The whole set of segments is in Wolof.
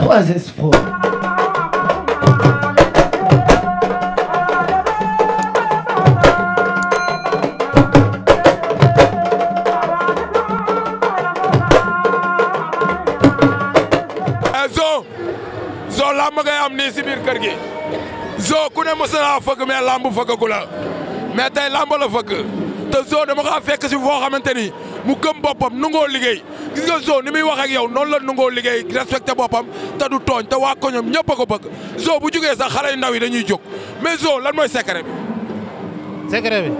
e s Pro. zo làmb ngay am nii si kër gi zo ku ne mos naa fëgg mais làmb fëggagu la mais tey làmb la fëgg te zo dama kaa fekk si foo xamante ni mu këm boppam nangoo liggéey gis nga Zo ni muy wax ak yow noonu la nangoo liggéey respecté boppam te du tooñ te waa koñom ñëpp a ko bëgg Zo bu jugee sax xale yu ndaw yi dañuy jóg mais Zo lan mooy secret bi.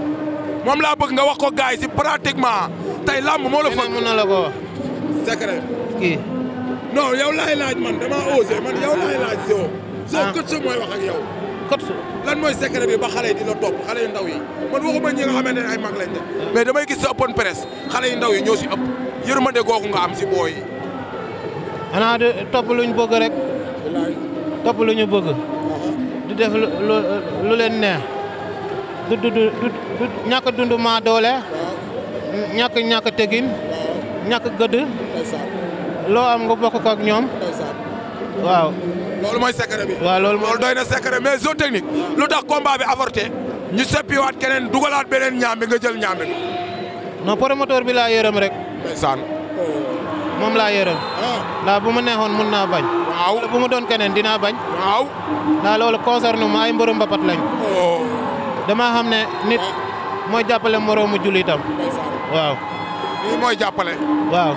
moom laa bëgg nga wax ko gars yi si pratiquement tey làmb moo la fëgg. mën na la ko wax. kii. non yow laay laaj man dama osé man yow laay laaj Zo. Zo ah. kët sa mooy wax ak yow. kot lan mooy secret bi ba xale yi di la topp xale yu ndaw yi man waxuma ñi nga xamante ne ay mag lañ de mais damay gis sa open xale yu ndaw yi ñoo si ëpp yërmande googu nga am si booy yi. xanaa de topp lu ñu bëgg rek. topp bëgg. Uh-huh. di def lu lu leen neex. du du du ñàkk dund maa doole. Uh-huh. ñàkk ñàkk tegin. Uh-huh. ñàkk gëdd. loo am nga bokk ko ñoom. waaw. loolu mooy secret waaw loolu mooy doy na secret mais zone technique lu tax combat bi avorté ñu waat keneen dugalaat beneen ñaam bi nga jël ñaam bi. non promoteur bi laa yërëm rek. ndeysaan. moom laa yërëm. ndax ah. bu ma neexoon mun naa bañ. waaw bu mu doon keneen dinaa bañ. waaw ndax loolu concerne ma ay mbërëm mbapat oh. damaa xam ne nit ah. mooy jàppale moroomu jullitam. waaw. lii jàppale. waaw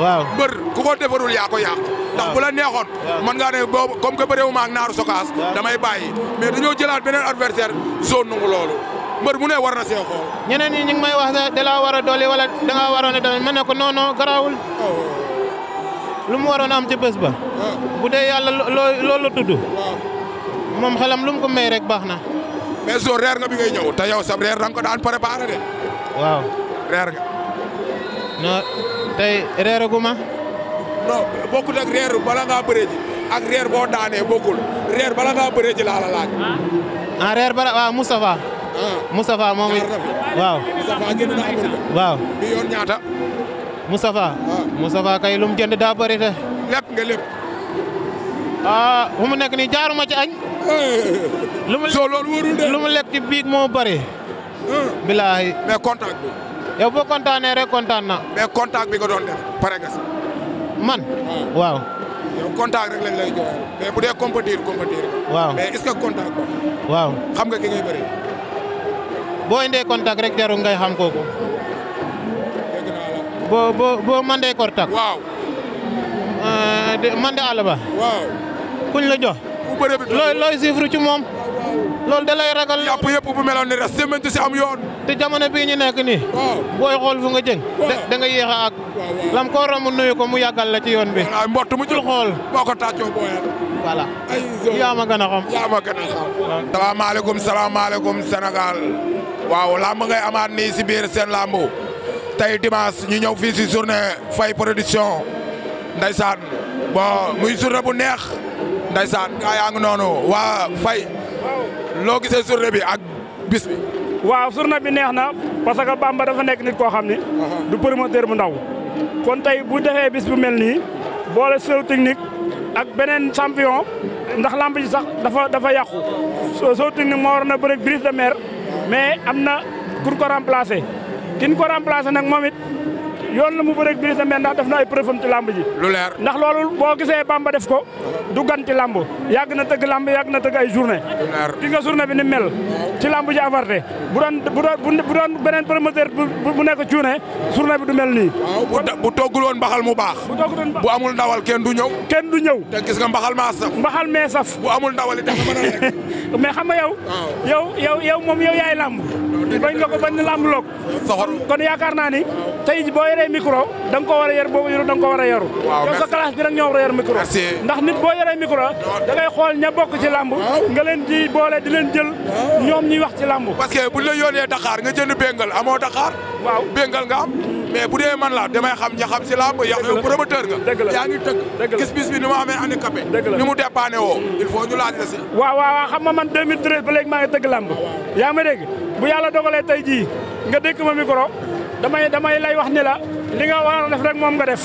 waaw ndax la neexoon man nga ne boobu comme que bëreewu ma ak naaru sokaas damay bàyyi mais dañoo jëlaat beneen adversaire zone nungu loolu mbër mu ne war na see xool ñeneen ñi ñu ngi may wax da laa war a dolli wala da ngaa waroon a dal ma ne ko non non garaawul oh. lu mu waroon am ci bés ba oh. bu dee yàlla loolu la tudd moom xelam lu mu ko may rek baax na mais soo reer nga bi ngay ñëw te yow sab reer da nga ko daan préparé de waaw reer nga non tey reeraguma non bokkut ak reer bala ngaa bëree ak reer boo daanee bokkul reer bala ngaa bëree ji laa la laaj. ah reer bala waaw Moustapha. ah Moustapha moom waaw. na Amérique. waaw bi yoon ñaata. Moustapha. waaw ah. kay lum jënd daa bëri te. nga lépp. ah fu mu nekk nii jaaruma ci añ. lu mu soo loolu wóorul de. lu mu lekk ci biig moo bëri. Ah. bilaahi mais contact bi. yow boo rek kontaan na. mais contact bi nga doon def pare man hmm. waaw. yow contact rek lañ lay jox mais bu dee compétir waaw mais waaw xam nga ki boo indee contact rek jarul ngay xam kooku. dégg naa la. boo boo man mandee contact. waaw. Euh, de mandé àll kuñ la jox. ku bëre looy looy chiffre ci moom. loolu da lay ragal. yàpp yëpp bu meloon ni rek si am yoon. te jamono bii ñu nii. booy xool fu nga jëng. da nga yéex ak. lam ko romb nuyu ko mu yàggal la ci yoon bi. waaw mbott mu jël xool. boo ko tàccoo xam. yaa ma Sénégal waaw làmb ngay amaat nii si biir seen làmb tey dimanche ñu ñëw fii si journée Faye production ndaysaan bon muy journée bu neex ndaysaan gaa yaa ngi noonu waa Faye loo gisee journée bi ak bis bi. waaw journée bi neex na parce que Bamba dafa nekk nit koo xam ni. Uh-huh. du promoteur bu ndaw. kon tey bu defee bis bu mel nii boole sew technique ak beneen champion ndax lamb ji sax dafa dafa yàqu sew technique moo waroon war na brise de mer mais am na ku ko remplacer kin ko remplacer nag moom yoon la mu bëreeg Brise de ndax na ay preuve am ci lamb ji. lu leer ndax loolu boo gisee Bamba def ko. du gan ci lamb yàgg na tëgg lamb yàgg na tëgg ay journée. lu leer ki nga journée bi ni mel. ci lamb ji avarté bu doon beneen promoteur bu nekk cuune journée bi du nii. bu bu mu baax. bu toggul woon bu amul ndawal kenn du ñëw. kenn du ñëw te gis nga mbaxal maa saf. mbaxal mee saf. bu amul a lekk. mais xam moom yow yaay lamb. bañ nga ko bañ lamb loog. soxor kon yoree micro da nga ko a yor boo yoru da nga a a jënd bengal amoo Dakar waaw nga am bu dee man la damay xam ña xam si làmb yow yow nga yaa ngi tëgg gis bis la si waaw tey jii nga dékk ma micro damay damay lay wax ni la li nga war a def rek moom nga def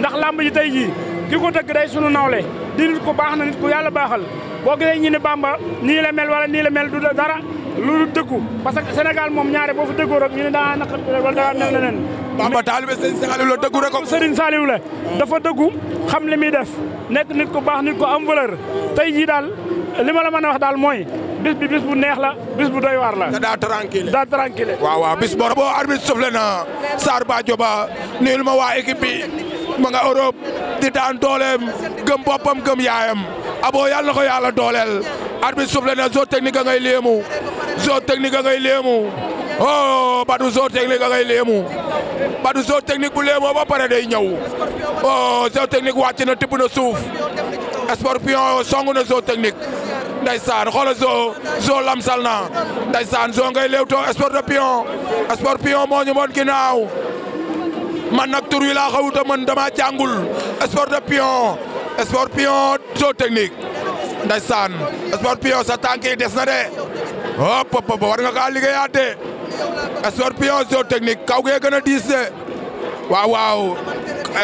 ndax làmb ji tey jii ki ko tëgg day sunu nawle di nit ku baax na nit ku yàlla baaxal boo gisee ñi ne Bamba nii la mel wala nii la mel du dara lu dëggu parce que Sénégal moom ñaare boo fa dëggoo rek ñu ne daa naqar wala daa mel leneen. Bamba taalibe Serigne Saliou la dëggu rek. Serigne la dafa dëggu xam li muy def nekk nit ku baax nit ku am valeur tey jii daal li ma la mën a wax daal mooy. bis bi bu neex la bis bu doy waar la. te daa tranquille daa tranquille. waaw waaw bis boo ma waa équipe ma nga Europe di daan dooleem gëm boppam gëm yaayam abo yàlla na ko yàlla dooleel arbitre soufflé na zone a ngay léemu zone technique a ngay léemu oh Badou zone technique a ngay léemu Badou zone technique bu léemoo ba pare day ñëw oh zone technique wàcc tibb na suuf scorpion songu na zone technique. ndeysaan xoolal zoo zoo lamsal na ndeysaan zoo ngay léewtoo sport de pion sport pion moo ñu moon ginnaaw man nag tur wi laa a mën dama jàngul sport de pion sport pion zoo technique ndeysaan sport pion sa tànk yi des na de hop hop war nga kaa liggéeyaate sport pion zoo technique kaw gee gën a diis de waaw waaw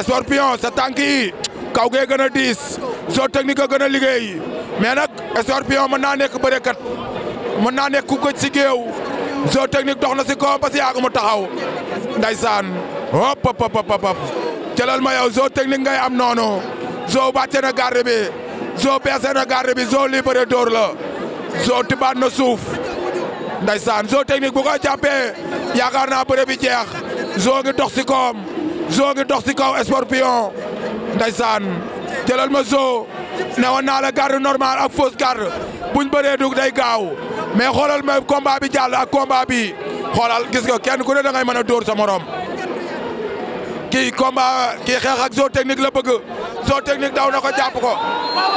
sport pion sa tànk yi kaw gee gën a diis zoo technique a gën a mais nag Scorpion mën naa nekk bërekat mën naa nekk ku si géew zoo technique dox na si kawam ba si yàgg mu taxaw ndaysaan hop hop hop hop jëlal ma yow zoo technique ngay am noonu zoo bàcce na garde bi zoo beese na garde bi zoo libéré dóor la zoo tibaat na suuf ndaysaan zoo technique bu ko jàppee yaakaar naa bëre bi jeex zoo ngi dox si kawam zoo ngi dox si kaw Scorpion ndaysaan jëlal ma zoo ne woon naa la garde normale ak fausse garde buñ bëree dug day gaaw mais xoolal ma combat bi jàll ak combat bi xoolal gis nga kenn ku ne da ngay mën a dóor sa morom kii combat kii xeex ak Joe Technique la bëgg Joe Technique daw na ko jàpp ko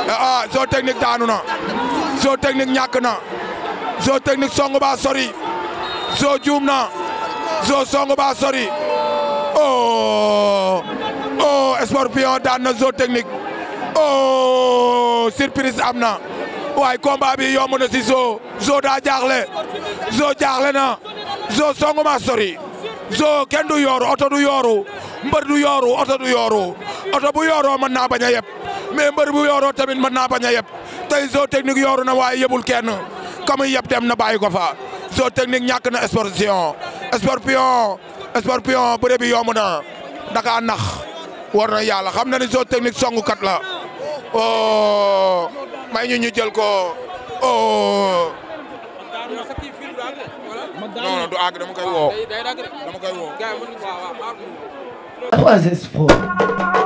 ah Joe ah, Technique daanu na Joe Technique ñàkk na Joe Technique song baa sori Joe juum na Joe song ba sori oh oh Scorpion daan na Joe Technique. oh surprise am na waaye combat bi yomb na si zoo zoo daa jaaxle zoo jaaxle na zoo songu ma sori zoo kenn du yooru oto du yooru mbër du yooru oto du yooru oto bu yooroo mën naa bañ a yeb mais mbër bu yooroo tamit mën naa bañ a yeb tey zoo technique yooru na waaye yebul kenn comme yeb dem na bàyyi ko fa zoo technique ñàkk na scorpion scorpion scorpion bëre bi na daka nax war na yàlla xam na ni zoo technique songukat la oh may ñu ñu jël ko oh. non du àgg dama koy woo.